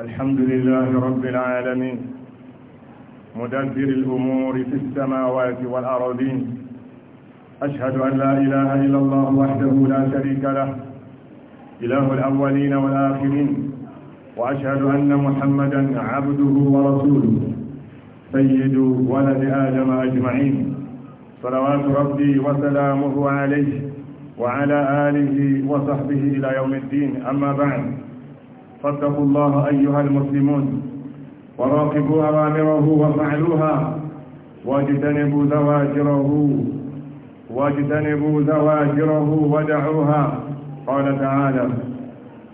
الحمد لله رب العالمين مدبر الأمور في السماوات والأرضين أشهد أن لا إله إلا الله وحده لا شريك له إله الأولين والآخرين وأشهد أن محمدا عبده ورسوله سيد ولد آدم أجمعين صلوات ربي وسلامه عليه وعلى آله وصحبه إلى يوم الدين أما بعد فاتقوا الله أيها المسلمون وراقبوا أوامره وفعلوها واجتنبوا زواجره واجتنبوا زواجره ودعوها قال تعالى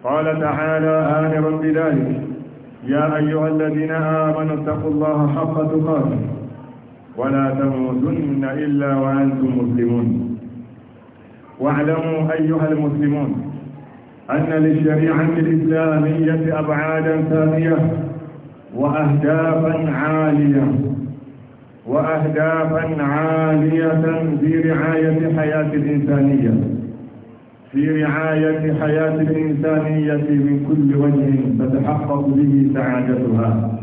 قال تعالى آمرا بذلك يا أيها الذين آمنوا اتقوا الله حق تقاته ولا تموتن إلا وأنتم مسلمون واعلموا أيها المسلمون أن للشريعة الإسلامية أبعادا ثانية وأهدافا عالية وأهدافا عالية في رعاية حياة الإنسانية في رعاية حياة الإنسانية من كل وجه تتحقق به سعادتها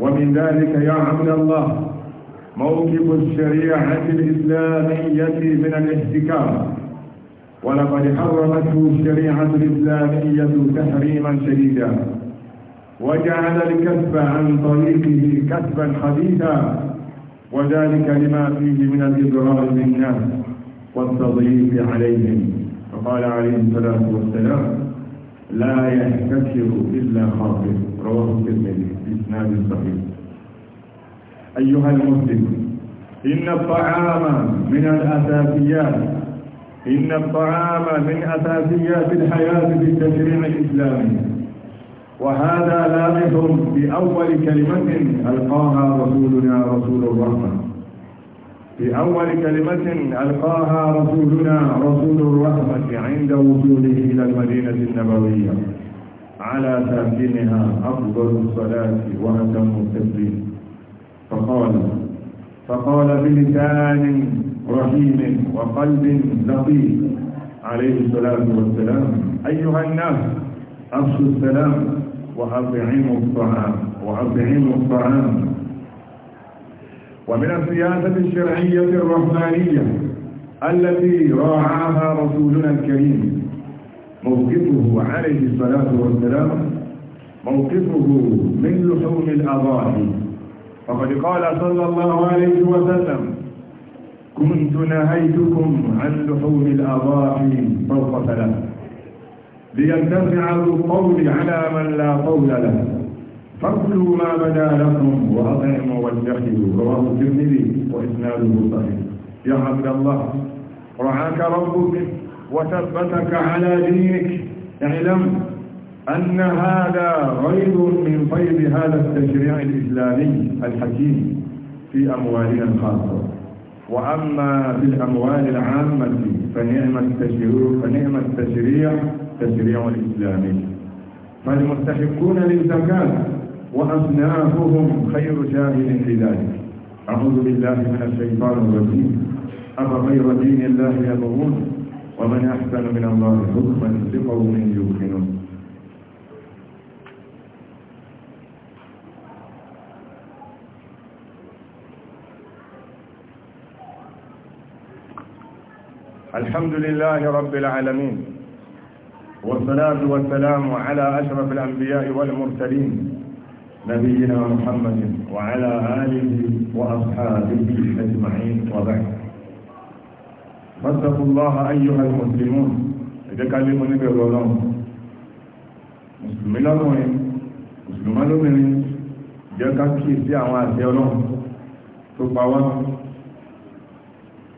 ومن ذلك يا عبد الله موقف الشريعة الإسلامية من الاحتكار ولقد حرمته الشريعة الإسلامية تحريما شديدا وجعل الكسب عن طريقه كسبا حديثا وذلك لما فيه من الإضرار بالناس والتضييق عليهم فقال عليه الصلاة والسلام لا يحتكر إلا خاطر رواه الترمذي بإسناد صحيح أيها المسلم إن الطعام من الأساسيات إن الطعام من أساسيات الحياة في التشريع الإسلامي وهذا لامح بأول كلمة ألقاها رسولنا رسول الرحمة بأول كلمة ألقاها رسولنا رسول الرحمة عند وصوله إلى المدينة النبوية على ساكنها أفضل الصلاة وأتم التسليم فقال فقال بلسان رحيم وقلب لطيف عليه الصلاة والسلام أيها الناس أفشوا السلام وأطعموا الطعام وأطعموا الطعام ومن السياسة الشرعية الرحمانية التي راعاها رسولنا الكريم موقفه عليه الصلاة والسلام موقفه من لحوم الأضاحي فقد قال صلى الله عليه وسلم كنت نهيتكم عن لحوم الأضاحي فوق ثلاث لينتفع القول على من لا قول له فاكلوا ما بدا لكم وأطعموا واتخذوا رواه الترمذي وإسناده صحيح يا عبد الله رعاك ربك وثبتك على دينك اعلم أن هذا غير من فيض هذا التشريع الإسلامي الحكيم في أموالنا الخاصة وأما في الأموال العامة فنعم التشريع فنعم التشريع تشريع الإسلامي فالمستحقون للزكاة وأصنافهم خير شاهد لذلك أعوذ بالله من الشيطان الرجيم أفغير دين الله يبغون ومن أحسن من الله حكما لقوم يوقنون الحمد لله رب العالمين والصلاة والسلام على أشرف الأنبياء والمرسلين نبينا محمد وعلى آله وأصحابه أجمعين وبعد فاتقوا الله أيها المسلمون إذا كلمني بالظلام مسلمين لهم مسلمين لهم jẹ́ ká kíyèsí àwọn àti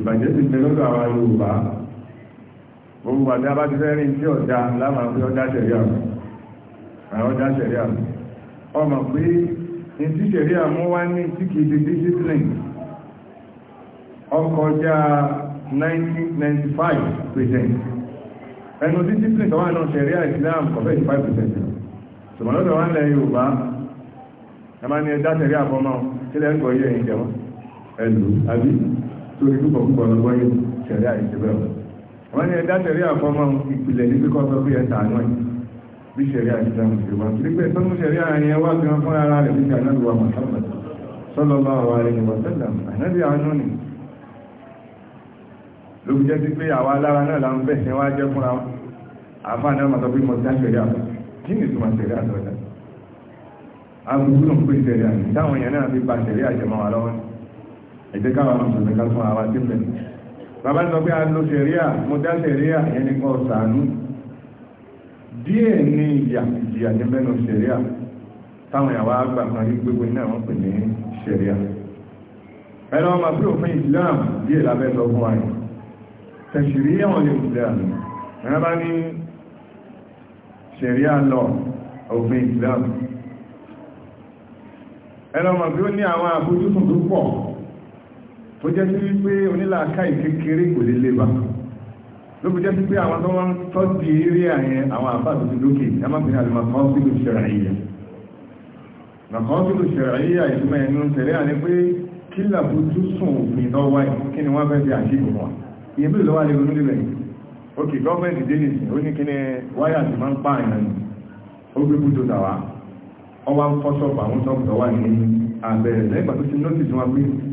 ìbàjẹ́ ti tẹ lọ́dọ̀ àwọn Yorùbá gbogbo àti abájúfẹ́rin tí ọ̀dá láwọn pé ọdá ṣẹ̀rí àwọn ọdá ṣẹ̀rí ọmọ pé ní tí ṣẹ̀rí wá ní tí kìí di ọkọjá 95 ẹnu discipline tó náà ṣẹ̀rí kọfẹ́ 5% ṣùgbọ́n lọ́dọ̀ wá lẹ Yorùbá ẹ máa ní ẹdá ṣẹ̀rí kílẹ̀ ń gọ yẹ ìjẹun ẹlù àbí lórí púpọ̀ púpọ̀ lọ wáyé ṣẹ̀rí àìṣẹ́bẹ̀ wọ́n ní ẹ̀dá ṣẹ̀rí àfọ́mọ́ ìpìlẹ̀ ní kíkọ́ sọ pé ẹ̀ta àná bí ṣẹ̀rí àìṣẹ́bẹ̀ ṣe wá sí pé tọ́mú ṣẹ̀rí àyẹn wá gan fún ara rẹ̀ bí ṣàná lu àmọ̀ sọ́lọ́ bá wà rẹ̀ ní wọ́sẹ̀lẹ̀m ànábì àánú ni ló fi jẹ́ sí pé àwa lára náà là ń bẹ̀ ṣe wá jẹ́ fúnra àfa náà mà sọ pé mo dá ṣẹ̀rí àfọ́ kí ni ìtumọ̀ ṣẹ̀rí àtọ́jà àbúrò ń pè ṣẹ̀rí àmì táwọn èèyàn náà fi ba ṣẹ̀rí àjẹmọ́ wa lọ́wọ́ ni ẹ̀jẹ̀ káwọn mùsùlùmí ká fún àwa sílẹ̀ bàbá sọ pé a lo sẹ̀ríà mo dá sẹ̀ríà ẹni kan sànú díẹ̀ ní ìyà ìjìyà ní mẹ́nu sẹ̀ríà táwọn ìyàwó àgbà kan rí gbogbo iná wọn pè ní sẹ̀ríà ẹ̀rọ ọmọ pé òfin Islam díẹ̀ lábẹ́ sọ fún àyè tẹ̀sìrí ẹ̀wọ̀n lè Islam ẹ̀rọ bá ní sẹ̀ríà lọ òfin Islam ẹ̀rọ ọmọ pé ó ní àwọn àbójútó tó pọ̀ tó jẹ́ sí wípé onílàáká ìkékeré kò lè lébà ló fi jẹ́ sí pé àwọn tó wọ́n tọ́jú eré àyẹn àwọn àbá tó ti lókè ẹ má pèsè àlùmọ̀ kan sí ló ṣẹ̀rẹ̀ àyè nàkan sí ló ṣẹ̀rẹ̀ àyè àìsùnmọ̀ ẹnu tẹ̀lé àní pé kí làbú sùn òfin kí ni wọ́n fẹ́ fi àṣìkò wọn ìyẹn bí lọ́wọ́ alẹ́ ronú níbẹ̀ òkè gọ́ọ̀mẹ̀ntì dé ó ní kí ni wáyà ti máa ń ni ó gbé bùtò tàwa ọwọ́ ń fọ́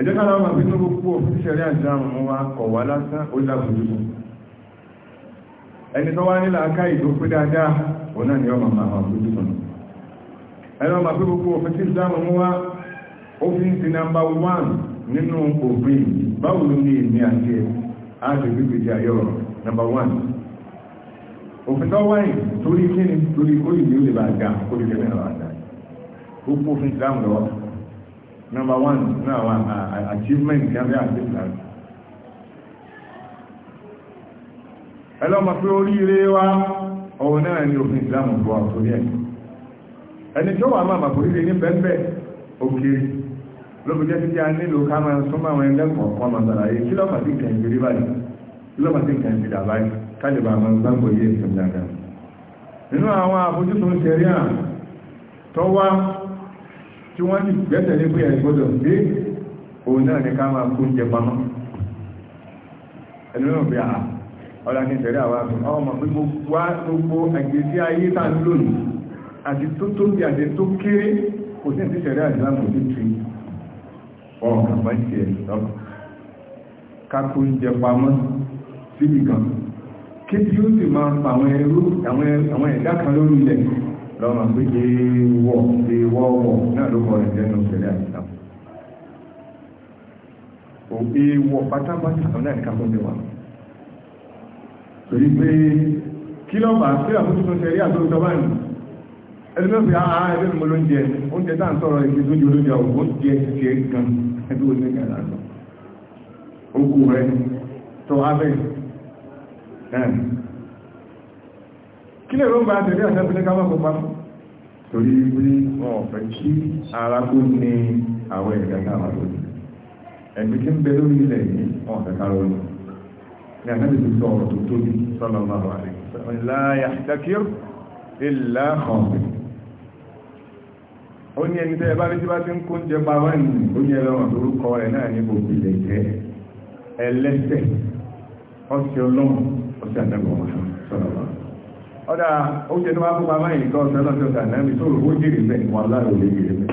ẹjọ́ ká láwọn àbí tó gbogbo òfíṣẹ́rí àjáàmù wa kọ̀ wá lásán ó ẹni tó wá nílà aká ìlú pé dáadáa ò náà ni ọmọ màmá òfíjú ẹni ọmọ pé gbogbo òfíṣẹ́ ìjáàmù wa ó fi ń ti nàmbà nínú òfin báwo àti nàmbà òfin tó wáyìn torí kíni torí kó ìlú lè bá ga kó lè number one ní àwọn uh, achievement ní abẹ́ àti ìlànà ẹlọ́mọ pé oríire wá ọ̀hún náà ni òfin ìsìlámù bọ́ àtòrí ẹ̀ ẹni tó wà máa bàbá oríire ní bẹ́ẹ̀bẹ́ òkèrè lóbi jẹ́ títí a nílò ká máa súnmọ́ àwọn ẹlẹ́kọ̀ọ́ kan máa sàlàyé kí lọ́pàá sí nǹkan ìgbérí báyìí kí lọ́pàá sí nǹkan ìgbérí báyìí kálíbà máa ń gbàgbọ́ yé ìsìn dáadáa nínú àwọn àfojúsùn ṣẹ̀ríà tó wá tí wọ́n ní gbẹ́sẹ̀ ní pé ẹ̀gbọ́dọ̀ gbé òun náà ní ká máa kó jẹ pamọ́ ẹnu náà bí a ọ̀la ní ìṣẹ̀lẹ̀ àwọn àgbẹ̀ ọmọ pé mo wá gbogbo àgbèsí ayé tá a lónìí àti tó tóbi àti tó kéré kò sí ìṣẹ̀lẹ̀ àdìlámù tó tu ọ̀ọ̀kà bá ń tiẹ̀ lọ́kọ̀ ká kó jẹ pamọ́ síbi kan kí tí ó sì máa pa àwọn ẹrú àwọn ẹ̀dá kan lórí lọ́mọ pé ṣe wọ̀ ṣe wọ́wọ̀ náà ló kọ́ rẹ̀ jẹ́nu ìṣẹ̀lẹ̀ àìsàn òbí wọ pátápátá náà ní kápọ́ bí wà torí pé kí lọ́pàá sí àmójútó ṣẹ̀rí àtòjọ báyìí ẹlẹ́mẹ́fì àá ẹgbẹ́ mọ́ lóúnjẹ oúnjẹ tá à ń sọ̀rọ̀ ìgbé tó jẹ olóúnjẹ oúnjẹ ṣe gan ẹbí oúnjẹ gan lásọ ogun rẹ tọ́ abẹ́ kí lè rọ́gbà àtẹ̀lé àtẹ́bílẹ̀ ká mọ́kọ̀ pa torí wípé wọn ò fẹ́ kí ara kó ní àwọn ẹ̀dá káwà lónìí ẹ̀mí tí ń bẹ lórí ilẹ̀ yìí wọn ò fẹ́ ká lónìí ní àtẹ́bí tó sọ ọ̀rọ̀ tó tóbi sọ́nà ọmọ àwọn àlẹ́ ìlàyà dákìr ìlà ọ̀sẹ̀ ó ọ̀sẹ̀ ọlọ́run ọ̀sẹ̀ àtẹ́bọ̀ wọn ọ̀dá oúnjẹ tó bá kó pamọ́ ìkọ́ ọ̀sẹ̀lọ́sọ̀sà náàbì tó rò ó jèrè bẹ̀ wọ́n láàrò lè jèrè bẹ̀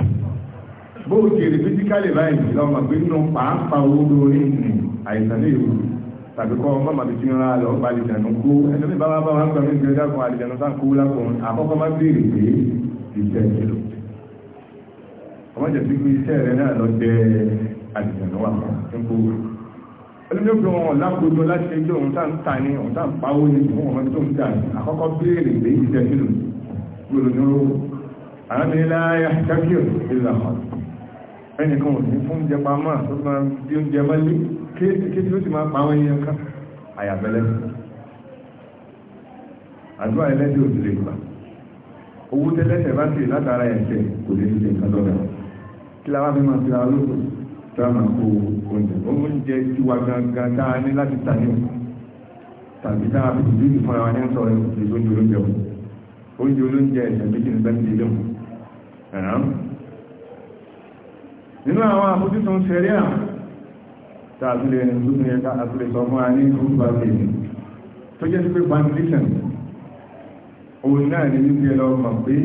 bó jèrè fíjíkálì báyìí lọ́mọ pé nínú pàápàá owó lórí àìsàn lè rú tàbí kọ́ ọmọ màbí tí wọ́n lọ bá àlìjànú kó ẹni bí bàbá bá wọn gbà mí ìgbẹ́ dákun àlìjànú sá kó lákùnrin àkọ́kọ́ má béèrè olùdókòwò wọn lákòójọ láti ẹjọ́ òun tá ń ta ní òun tá ń pawó ní fún ọmọ tó ń dà ní àkọ́kọ́ béèrè pé ìjẹ́ nínú gbòòrò ní owó àrániláyà jákìó ìlànà ẹnìkan ò ní fún jẹ pamọ́ tó máa di oúnjẹ mọ́lé kéèkì kéèkì ó sì máa pa àwọn èèyàn kan àyàbẹ̀lẹ̀ àdúrà ẹlẹ́dẹ̀ ò sì lè gbà owó tẹ́lẹ́sẹ̀ bá sì látara ẹ̀sẹ̀ kò lè ṣe nǹkan lọ́dọ̀ kí la fi máa fi ara lóko sáàmà kó oúnjẹ oúnjẹ tí wà gangan dáa ní láti ta ní tàbí dáa fi ìlú ìfúnra wa ní ń sọ̀rọ̀ ìlú oúnjẹ oúnjẹ o oúnjẹ olóúnjẹ ẹ̀sẹ̀ méjì ní bẹ́ẹ̀ ilé mu ẹ̀rán nínú àwọn àfojúsùn ṣẹ̀rí à tààtúlẹ̀ ẹ̀rùn ẹ̀ká àtúlẹ̀ sọ fún a ní orúkọ àgbègbè tó jẹ́ pé bandation òun náà ní wípé lọ mọ̀ pé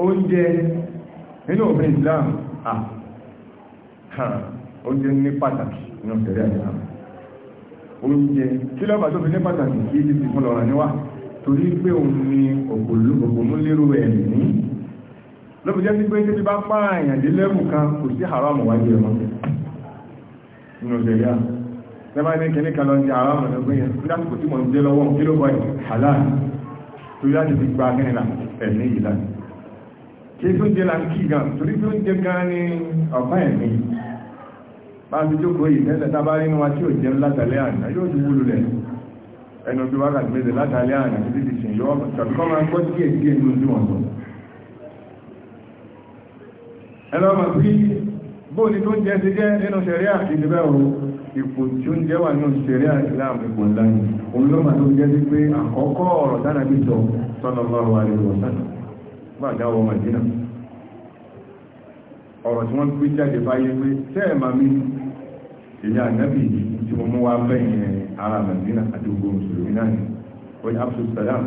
oúnjẹ nínú òfin Islam hàn oúnjẹ ní pàtàkì nínú tẹ̀lé àìsàn oúnjẹ kí lọ́ba tó fi ní pàtàkì kí ti ti fún lọ́ra níwá torí pé òun ni ògbómúlérò ẹ̀mí lọ́bi jẹ́ sí pé tí bá pààyàn dé lẹ́bù kan kò sí haramu wáyé ẹ̀mọ́ nínú tẹ̀lé à lẹ́bàá ní kẹ́ní kan lọ sí haramu ẹ̀gbẹ́ yẹn ní àsìkò tí mo ń dé lọ́wọ́ kí ló bọ́ ẹ̀ halal torí láti fi gba akẹ́nìlà ẹ̀mí ìlànà kí tó ń jẹ́ la ń kí gan torí tó ń jẹ́ gan ní ọ̀pá ẹ̀mí máa fi jókòó yìí tẹ́lẹ̀ tábá rí níwá tí ò jẹun látàlẹ́ àná yóò ti wúlò lẹ̀ ẹnu bí wákàtí méje látàlẹ́ àná títí ti sìn yọ tàbí kọ́ máa gbọ́ díẹ̀ díẹ̀ nínú tí wọ́n sọ. ẹ lọ́ mọ̀ sí bóòlì tó ń jẹ ti jẹ́ nínú sẹ̀ríà ìdíbẹ̀ o ipò tí ó ń jẹ́ wà nínú sẹ̀ríà Islam ipò ńlá ni òun ló mà tó ń jẹ́ sí pé àkọ́kọ́ ọ̀rọ̀ dáná bí sọ sọ́nà ọlọ́run àríwọ̀ sánà gbàdáwọ̀ jáde báyé pé tẹ́ẹ̀ mi èmi ànábì tí mo mú wá bẹ́yìn ara mẹ́dínà àti gbogbo mùsùlùmí náà ni wọ́n yá fún sàlám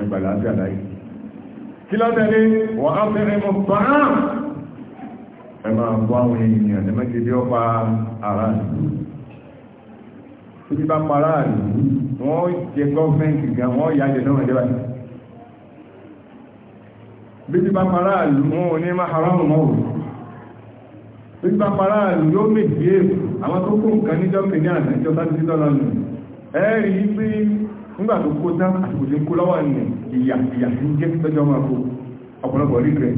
ẹgbà láàbíà láyé kí ló tẹ̀lé wọ́n á fẹ́rẹ̀ mọ́ bàá ẹ máa bọ́ àwọn ènìyàn ẹ mẹ́kẹ́ bí ó pa ara ìlú tó ti bá pa ara ìlú wọ́n jẹ gọ́ọ̀mẹ́ntì gan wọ́n yá jẹ náà wọ́n báyìí bí ti bá pa ara ìlú ò ní máa haramu mọ́ òun bí bá para àlù yóò méjì èèkù àwọn tó kó nǹkan níjọ́ kìíní àná ìjọ sáàtì dọ́là nù ẹ̀rí pé nígbà tó kó tán àsìkò tí ń kó lọ́wọ́ nì ìyà ìyà tí ń jẹ́ lọ́jọ́ máa kó ọ̀pọ̀lọpọ̀ rí rẹ̀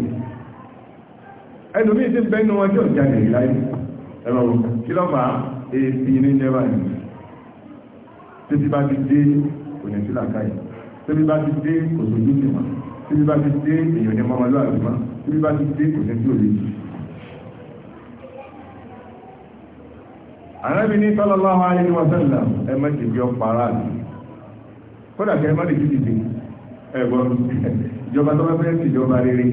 ẹlòmíì ti bẹ́ẹ̀ nu wọn tí ò jáde láyé ẹ̀rọ kí lọ́fà èsì ní jẹba yìí títí bá ti dé òyìn sí làkàyè títí bá ti dé kòtò yìí ti mọ̀ títí bá ti dé èèyàn ní mọ́mọ́lúwàbí mọ́ títí bá ti dé kòtò yìí ti ànábì ní sallallahu alaihi wa sallam ẹ bí para mi kódà kẹ ẹ má lè ìjọba tó bá fẹ́ ìjọba rere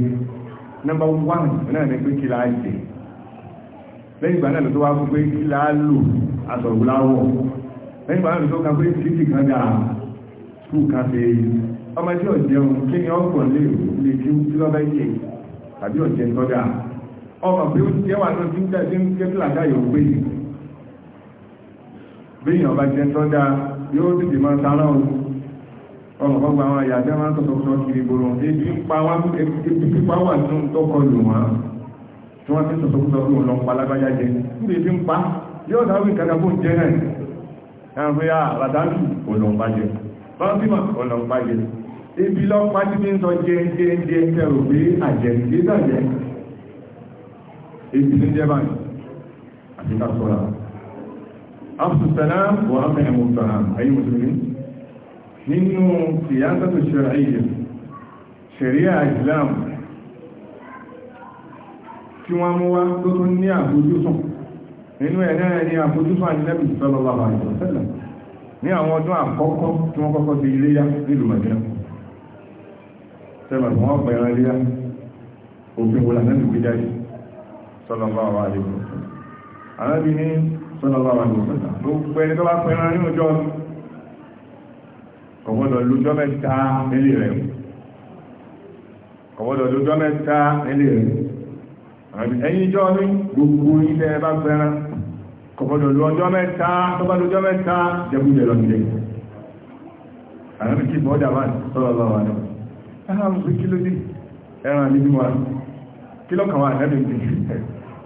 nọ́mbà wán náà ní pé kí jẹ lẹ́yìn ìgbà náà ló tó wá fún pé kí lò àtọ̀wò lẹ́yìn ìgbà náà ló tó pé kan ọmọ tí kí ni lè lè tí tàbí tọ́jà ọmọ pé béèyàn bá jẹ́ tọ́ dáa yóò tètè máa sára o ọmọkọ́ gba àwọn àyà tẹ́ máa ń sọ̀tọ̀tọ̀ kiri gbòòrò ebi pa wá ebi pípa wà nínú tọkọ lù wọ́n tí wọ́n ti sọ̀tọ̀tọ̀ kí wọ́n lọ pa lágbájá jẹ níbi ebi ń pa yóò dáwọ́ ìkàkà fún jẹ náà ẹ̀rùn pé ah, àràdájú ọlọ́mpa jẹ bọ́nbímọ̀ ọlọ́mpa jẹ ebi lọ́pá tí ń sọ jẹ jẹ jẹ kẹrù pé àjẹ ìgbésàjẹ ebi ní jẹ báyìí àti ká sọ́ra afsalam wa amẹ́hẹ̀mù sàlám ayé mùsùlùmí nínú siyasatu shar'iyya sharia islam tí wọ́n mú wá tó tún ní àfojúsùn nínú ẹ̀ náà ní àfojúsùn àdínẹ́bì sallallahu alaihi wasallam ní àwọn ọdún àkọ́kọ́ tí wọ́n kọ́kọ́ ti iléyá nílùú Mẹ̀dínà tẹ́lẹ̀ tí wọ́n pẹ̀rẹ̀ iléyá òfin wọlà náà ti gbé jáde sallallahu alaihi wasallam sọ́lọ́lá wà ní ọ̀sọ̀lá gbogbo ẹni tó bá pẹ̀rán ní ọjọ́ ọ̀gbọ́dọ̀ lójọ́ mẹ́ta nílé rẹ̀ ọ̀gbọ́dọ̀ lójọ́ mẹ́ta nílé rẹ̀ ẹ̀yìn ìjọ ní gbogbo ilẹ̀ bá pẹ̀rán ọ̀gbọ́dọ̀ lójọ́ mẹ́ta tó bá lójọ́ mẹ́ta jẹ́kújẹ lọ nílé àwọn kí bọ́dà wà sọ́lọ́lá wà ní ọ̀sọ̀lá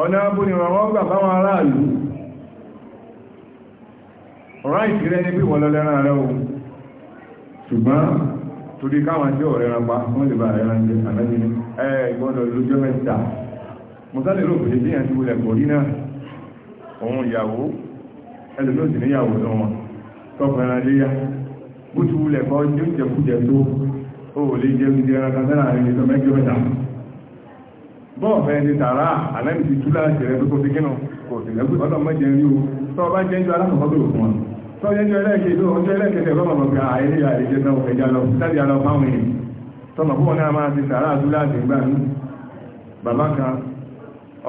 ọ̀nà abú ni wọ́n gbà bá wọn aráàlú ráìtì rẹ ní bí wọ́n lọ́lẹ́rán rẹ o ṣùgbọ́n torí káwọn tí ọ̀rẹ́ rán pa wọ́n lè bá ẹran jẹ àmẹ́jì ní ẹgbọ́dọ̀ lójọ́ mẹ́ta bọ́ọ̀fẹ́ ti tààrà àlẹ́mì ti túlá tó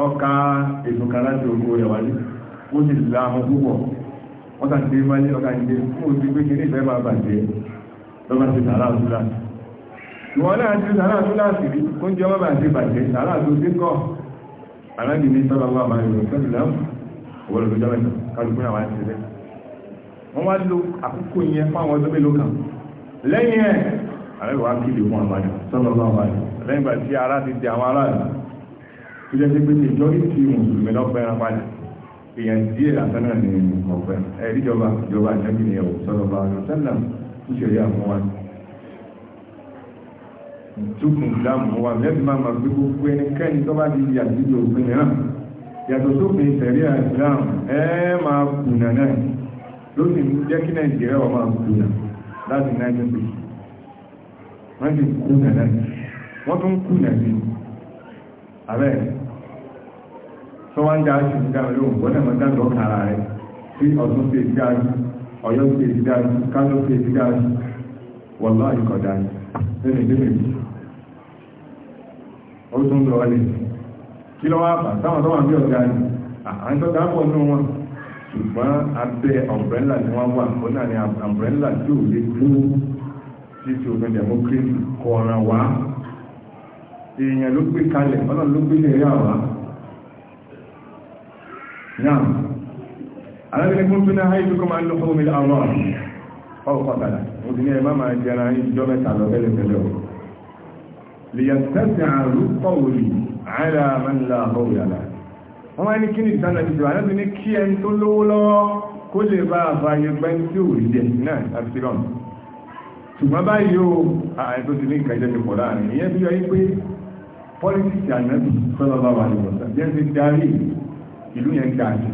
ọka wọ́n tàbí dé máyé ọ̀tà ìdè fún òsì pé kí ní ìfẹ́ máa bàjẹ́ lọ́gbà tààrà túlá ìwọ̀n náà ti sàárà tó láti rí kó ń jẹ ọmọ àti bàjẹ́ sàárà tó sí kọ́ aláàbì ní sọ́lọ́wọ́ àmàrin ìrọ̀ sẹ́lẹ̀lẹ́m owó lọ́dọ̀ jẹ́ mẹ́ta kálukú náà wá sí rẹ̀ wọ́n wá lo àkókò yẹn fún àwọn ọdún mélòó kan lẹ́yìn ẹ̀ aláàbì wá kí lè fún àmàrin sọ́lọ́wọ́ àmàrin lẹ́yìn ìgbà tí ara ti di àwọn aráàlú tó jẹ́ pé ìjọ ìtì mùsùlùmí lọ́pẹ́ ẹran padà èèyàn ìtukùn ìdáàmú wa lẹ́bí máa fi gbogbo ẹnikẹ́ni tó bá di àdíjọ òfin náà yàtọ̀ sófin ìtẹ̀rí àìsàn ẹ máa kùnà náà ló sì jẹ́ kí nàìjíríà wà máa kùnà láti náírà pé wọ́n ti kùnà náà wọ́n tún kùnà sí abẹ́ sọ́wọ́n dá sí ìdá olóhùn wọ́n náà máa dá lọ́kàn ara sí ọ̀tún sí ìdá ọ̀yọ́ sí ìdá kánú sí lẹ́nu ìdíbò yìí ó tún lọ kí lọ́wọ́ àbà táwọn tó wà ní ọ̀gá ni àwọn tó dábọ̀ wọn ṣùgbọ́n abẹ́ ni wọ́n wà ó náà ni ọ̀mbrẹ́là tí ò lè dúró títí òfin democracy kọ̀ọ̀ràn wá èèyàn ló gbé kalẹ̀ ló gbé náà háyé tó kọ́ máa ń omi fáwọn pàtàkì òsì ní ẹ̀má máa jẹra ní ìjọ mẹ́ta lọ tẹ́lẹ̀tẹ́lẹ̀ o lìyàtẹ́sẹ̀ àrùn pọ̀wòlì àìlà mẹ́lá ọ̀wòyàlà wọ́n wá ní kí ní ìtànà ìjọ àdábì ní kí ẹni tó lówó lọ́wọ́ kó lè bá àfààyè pẹ́ń ò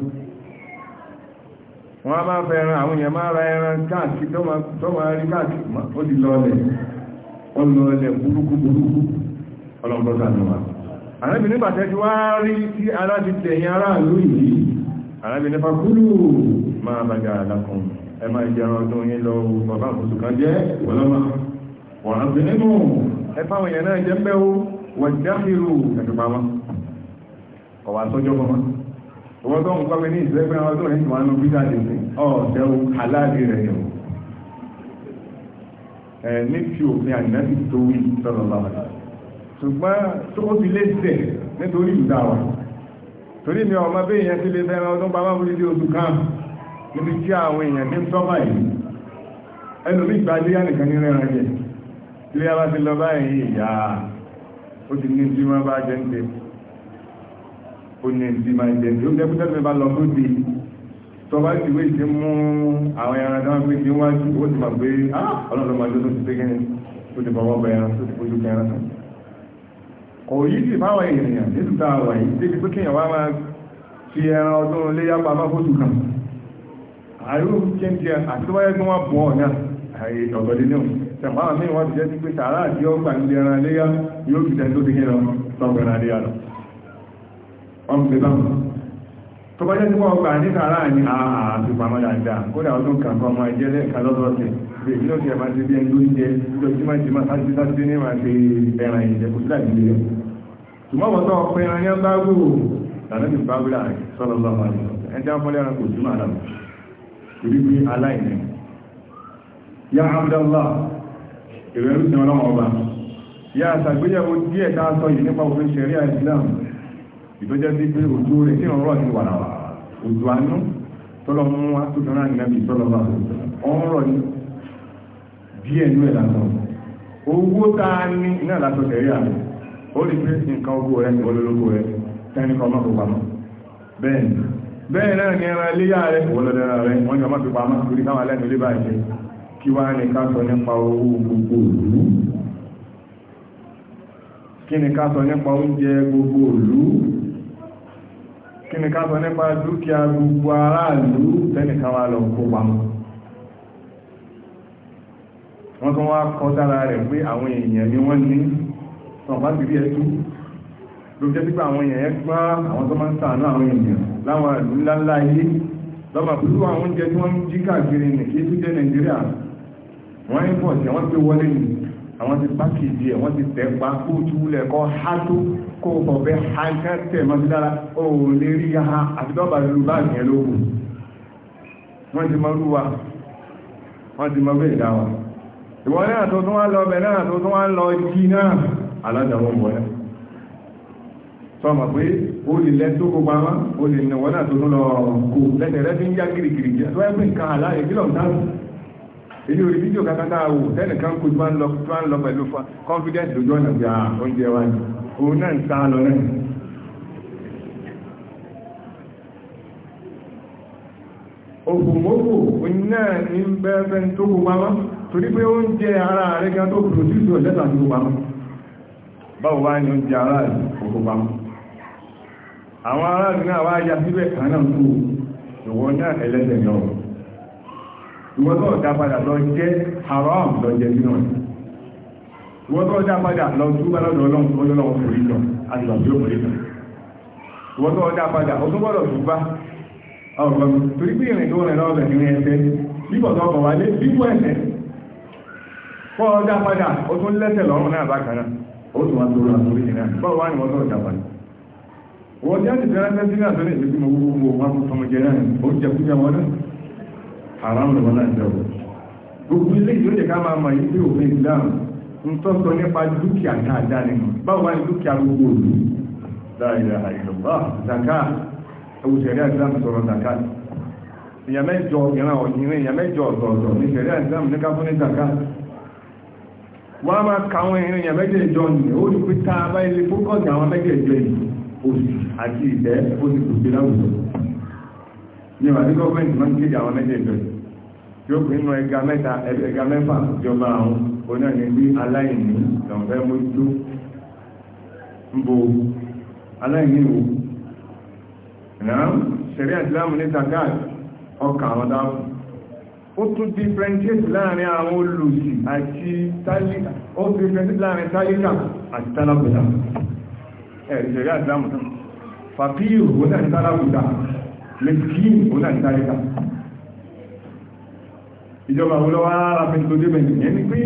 wọ́n a máa fẹ́ ẹran àwọn èèyàn máa ra ẹran káàkiri tó máa rí káàkiri ó ti lọ́ọ̀lẹ̀ ó lọ́ọ̀lẹ̀ burúkú burúkú ọlọ́mọdọ́ta ni wà àrẹ́bì nígbà tẹ́ ti wá rí tí ara ti tẹ̀yìn aráàlú yìí àrẹ́bì nípa kúrú máa bàjá àdàkùn ẹ máa jẹran ọdún yìí lọ bàbá àkóso kan jẹ́ ọlọ́mà wọ̀n á fi nínú ẹ fáwọn èèyàn náà jẹ́ mbẹ́ o wọ̀n jáfìrù ẹ̀dùnmáwá ọ̀wà tọ́jọ́ mọ́mọ́ wọ́n tó ń pàpẹ ní ìsìlẹ́gbẹ́ àwọn tó rìn wọn ní bídá lè ní ọ̀ọ̀dẹ́ aláàrí rẹ̀ yọ̀ ẹ̀ ní fi òfin àdínábì tó wí sọ̀rọ̀ bàbá ṣùgbọ́n tó ó ti lé sẹ̀ nítorí ìdá wa torí mi ọmọ bẹ́ẹ̀ yẹn ti lè fẹ́ ọdún bàbá mi lé oṣù kan níbi tí àwọn èèyàn ní sọ́mà yìí ẹlòmí ìgbà ilé yá nìkan nínú ẹran jẹ ilé yá bá ti lọ báyìí ìyá ó ti ní tí wọ́n bá jẹ́ ń tẹ́ ó ní ẹ̀dí máa jẹ́ ìlú dẹ́kútẹ́ tó bá lọ tó di tó bá ti wé ti mú àwọn ẹran dáwọn pé kí wọ́n ti ó ti mọ̀ pé ah, ọlọ́dọ̀ máa lọ́dọ̀ ti pékin tó ti bọ̀wọ́ bẹ̀rẹ̀ tó ti fojú kẹrin tán kò yí sì fáwọn èèyàn nínú tá a wà yìí débi pé kéèyàn wá máa fi ẹran ọdún léyà pa amáfóṣù kan àìrú kéńtì àtiwáyé tí wọ́n bọ̀ náà ọ̀tọ̀dé náà tẹ̀wọ́n àmì wọn ti jẹ́ sí pé sàárà àti ọgbà ń lè ẹran léyà yóò fi tẹ́ tó ti kí lọ sọ́gbẹ̀rẹ̀ léyà lọ ọmọ bẹ báwọn tó bá jẹ́ tí wọ́n gbà ní sàárà ní ààbì pàmọ́ dáadáa kódà ọdún kan kan ọmọ ẹjẹ́ lẹ́ẹ̀ka lọ́dọ̀ọ̀tẹ̀ bí ìlú ti ẹ̀ma ti bí ẹni tó ń jẹ tó ti máa ti máa sáti sáti ní máa ti ẹran ìjẹ kò sílà ìdílé rẹ̀ ṣùgbọ́n wọ́n tó ọpẹ ẹran ní ọgbà gbòòrò lànà bí bá gbòòrò àrẹ sọ́lọ́ lọ́wọ́ àrẹ ẹjẹ́ afọ́lẹ́ ẹran kò sí máa dàbọ̀ torí pé aláìní ya Abdallah ìrẹ́rù sí ọlọ́wọ́ ọba ya àṣàgbéyẹ̀wò díẹ̀ tá a sọ yìí nípa òfin ṣẹ̀rí àìsílámù ìtọ́jẹ́ sí pé ojú orí tí ọ̀rọ̀ ti wà náà ojú àánú tọ́lọ mú wá tó tọ́lá ní nàbí tọ́lọ bá ọ̀rọ̀ ní bí ẹ̀nú ẹ̀ lásán owó tá a ní iná lásán tẹ̀rí àmì ó lè pé nǹkan owó rẹ̀ ní olólogó rẹ̀ tẹ́ni kan máa fi pamọ́ bẹ́ẹ̀ bẹ́ẹ̀ náà ní ẹran iléyà rẹ̀ ìwọlọ́dẹ́ra rẹ̀ wọ́n ní ọmọ fi pamọ́ torí káwọn alẹ́ nílé báyìí kí wá ní ká sọ nípa owó gbogbo òlú kí ni ká sọ nípa oúnjẹ gbogbo òlú kí ni ká sọ nípa dúkìá gbogbo aráàlú tẹ́nìkan wà lọ kó pamọ́ wọ́n tó wá kọ́ dára rẹ̀ pé àwọn èèyàn ni wọ́n ní ọ̀pá sí bí ẹtú ló jẹ́ pípa àwọn èèyàn gbá àwọn tó máa ń sàánú àwọn èèyàn láwọn ìlú ńláńlá ilé lọ́mà pẹ̀lú àwọn oúnjẹ tí wọ́n ń jí káàkiri nìkí tó jẹ́ Nàìjíríà wọ́n ń pọ̀ sí wọ́n ti wọlé nìyí àwọn ti pákìdì ẹ̀ wọ́n ti tẹ̀pa kó túlẹ̀ kọ́ há tó kó bọ̀bẹ́ ha kẹ́tẹ̀ mọ́sílára ó lè rí ha àtidọ́bà lórí bá ìyẹn lóògùn wọ́n ti mọ́rú wa wọ́n ti mọ́rú ìdá wa ìwọ́n náà tó tún wá lọ bẹ̀ náà tó tún wá lọ jí náà aládàwọ̀ wọ̀ ẹ́ sọmọ pé ó lè lẹ́tọ́ kó pamọ́ ó lè nà wọ́n náà tó tún lọ kó lẹ́tẹ̀rẹ́ fi ń yá gírígírí jẹ́ tó ẹgbẹ́ nǹkan àlá ìbílọ̀ dáhùn èyí orí fídíò kankan tá a wò tẹ́nìkan kò tó máa ń lọ tó máa ń lọ pẹ̀lú confidence lójú ọ̀nà bí i oúnjẹ wa ni òun náà ń sá lọ náà ògùnmọ́gbò náà ní bẹ́ẹ̀bẹ́ tó kò pamọ́ torí pé oúnjẹ ara rẹ̀ gan tó pòròdúsù ọ̀lẹ́ta tó pamọ́ báwo wá ní oúnjẹ ara rẹ̀ kò pamọ́ àwọn ará rẹ̀ náà wá yá síbẹ̀ kan náà tó ìwọ náà ẹlẹ́sẹ̀ náà ìwọ́n tó dá padà lọ jẹ́ haram lọ jẹ́ nínú rẹ̀ ìwọ́n tó dá padà lọ túbá lọ́dọ̀ ọlọ́run tó lọ́wọ́ fún ìlọ àti bàbí òmìnir kan ìwọ́n tó dá padà ó tó gbọ́dọ̀ túbá ọ̀rọ̀ torí pé ìrìn tó rẹ̀ lọ́wọ́ bẹ̀ nínú ẹsẹ̀ bíbọ̀ tó ọkọ̀ wálé bíbọ̀ ẹsẹ̀ kọ́ ọ dá padà ó tún lẹ́sẹ̀ lọ́rùn náà bákan náà ó tún wá tó rà lórí ìrìn náà bọ́ọ̀ wá ní wọ́n tó dá padà wọ́n jẹ́ ti fẹ́ràn fẹ́ sí náà tó ní ìgbésí mo gbogbo wọn fún ọmọ jẹ náà ó jẹ kújẹ haram lọ́wọ́ náà jẹ́ òun gbogbo ilé ìjọ jẹ́ ká máa mọ̀ yí pé òfin Islam ń tọ́sọ nípa dúkìá dáadáa nínú báwo wá ní dúkìá gbogbo òlú dáadáa àìlọ́gbà zaka ewu sẹ̀rí Islam sọ̀rọ̀ zaka ìyà mẹ́jọ ìran ọ̀yìnrin ìyà mẹ́jọ ọ̀tọ̀ọ̀tọ̀ ní sẹ̀rí Islam ní káfún ní zaka wọ́n a máa ka àwọn ìrìn ìyà mẹ́jọ ìjọ ní ó ní pé tá a bá ilé fókọ̀sì àwọn mẹ́jọ ìjọ yìí tí ó pín inú ẹga mẹ́ta ẹgbẹ̀ga mẹ́fà ìjọba àwọn onáàní bí aláìní lọ́nfẹ́ mójútó ń bo aláìní wo náà ṣẹ̀rí àtìláàmù ní takáàdì ọkà àwọn dáàbò ó tún differentiate láàrin àwọn olùsì àti tálíkà ó differentiate láàrin tálíkà àti tálákùtà ẹ̀rí ṣẹ̀rí àtìláàmù náà fàkíyù ó náà tálákùtà mẹ́kíyù ó náà tálíkà ìjọba àwọn olówó ara fi tó débẹ̀ nìyẹn ni pé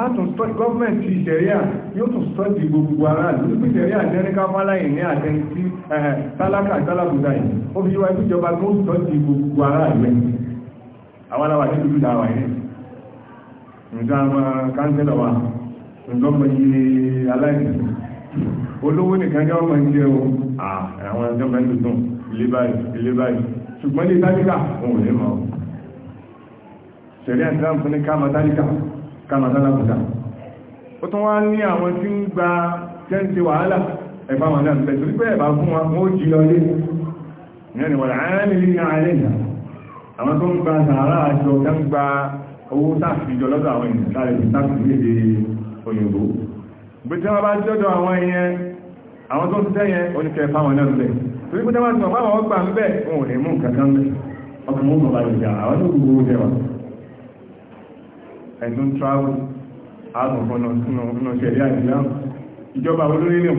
a tún sọ gọ́ọ̀mẹ̀ntì ìṣẹ̀ríà yóò tún sọ di gbogbo ara lórí pé ìṣẹ̀ríà jẹ́ríkà fáláyì ní àtẹnití tálákà tálákùdá yìí ó fi yíwa ikú ìjọba tó sọ di gbogbo ara rẹ̀ àwọn aláwà ní dúdú dáwà yìí nǹkan káńtẹ́lọ̀ wa nǹkan mọ̀ yìí aláìsí olówó nìkan jẹ́ ọmọ ìjẹ́ o àwọn ẹjọ́ mẹ́tò tún ilé báyìí ilé báyìí ṣùgbọ́n ní tábíkà òun ò lè mọ̀ ọ́ ṣẹ̀rí Islam fún ní kámàtálíkà kámàtálàkùdà ó tún wá ní àwọn tí ń gba tẹ́ǹtì wàhálà ẹ̀fà wọn náà bẹ̀ torí pé ẹ̀bà fún wa ó jí lọ lé ìyẹn ni wọ̀n àárín ní àárẹ̀ ìyà àwọn tó ń gba sàárà àjọ tó ń gba owó sáfìjọ lọ́dọ̀ àwọn ènìyàn sáré fi sáfìlédè òyìnbó bí tí wọ́n bá jọ́dọ̀ wọ́n ti ń bẹ̀ òun ò mú nǹkan kan ọkùnrin mú mọ̀ bá lè jà àwọn tó gbogbo jẹ́ ẹ̀tún travel àgbọ̀gbọ̀nà sínú ṣẹ̀rí àìsílámù ìjọba olórílẹ̀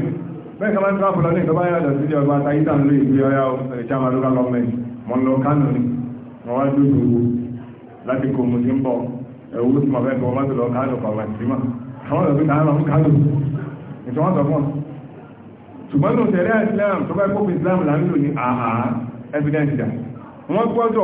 bẹ́ẹ̀ kama travel lọ́nà ìjọba yàtọ̀ sí ìjọba tayíta ń lè gbé ọyá ìjọba local government mọ́ lọ kánò ní wọ́n wá dúró gbogbo láti kò mú sí ń bọ̀ ẹ̀wú tí mo fẹ́ bọ́ mọ́tò lọ kánò pàmà sí mà àwọn ọ̀dọ́ kánò ń kánò ìtọ́wọ́n sọ fún ṣùgbọ́n tó ṣẹ̀rí àìsílámù tó bá kó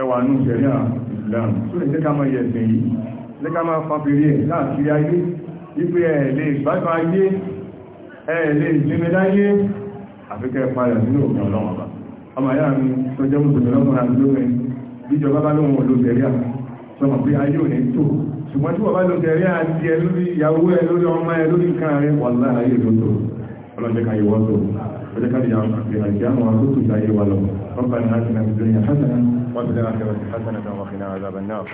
ẹwà ní ìṣẹ̀rí Islam tó lè jẹ́ ká máa yẹ ẹ̀sìn yìí lẹ́ ká máa fàbírí ẹ̀ láàkiri ayé wípé ẹ̀ lè gbádùn ayé ẹ̀ lè ìsinmi láyé àfikẹ́ padà nínú òkè ọlọ́wọ́ bá ọmọ ayá mi tó jẹ́ mùsùlùmí lọ́kùnrin àti lóbìnrin bíjọba bá lóhun olóògbẹ̀rí à sọmọ pé ayé ò ní tó ṣùgbọ́n tí wọ́n bá lóògbẹ̀rí àti ẹ lórí ìyàwó ẹ lórí ọmọ ẹ lórí nǹkan rẹ wà láàáyé ló tó ọlọ́jẹ́ka ìwọ́ tó ọlọ́jẹ́ka ìyàwó àti àìsíyàmọ̀ àkótó ìdáyé wa lọ ọgbà ní láti nàìjíríà ومن الآخرة حسنة وقنا عذاب النار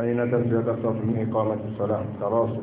فإن تسجد قبل إقامة الصلاة تراصل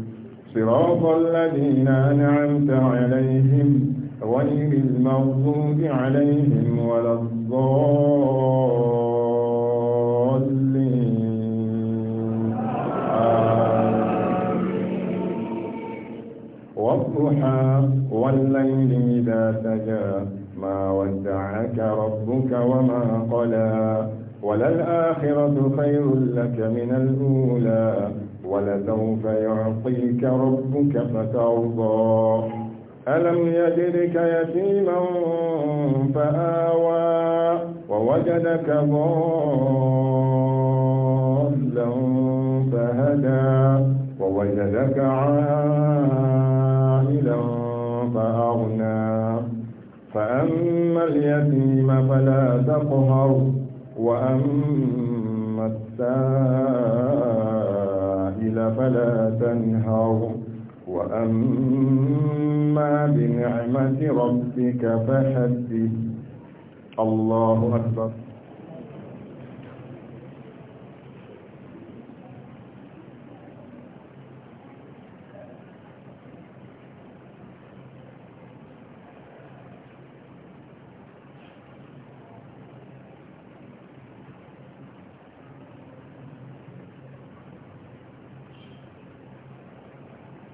صراط الذين أنعمت عليهم غير المغضوب عليهم ولا الضالين والضحى والليل إذا سجى ما ودعك ربك وما قلى وللآخرة خير لك من الأولى ولسوف يعطيك ربك فترضى ألم يجدك يتيما فآوى ووجدك ضالا فهدى ووجدك عائلا فأغنى فأما اليتيم فلا تقهر وأما السائل الليل فلا تنهر وأما بنعمة ربك فحدث الله أكبر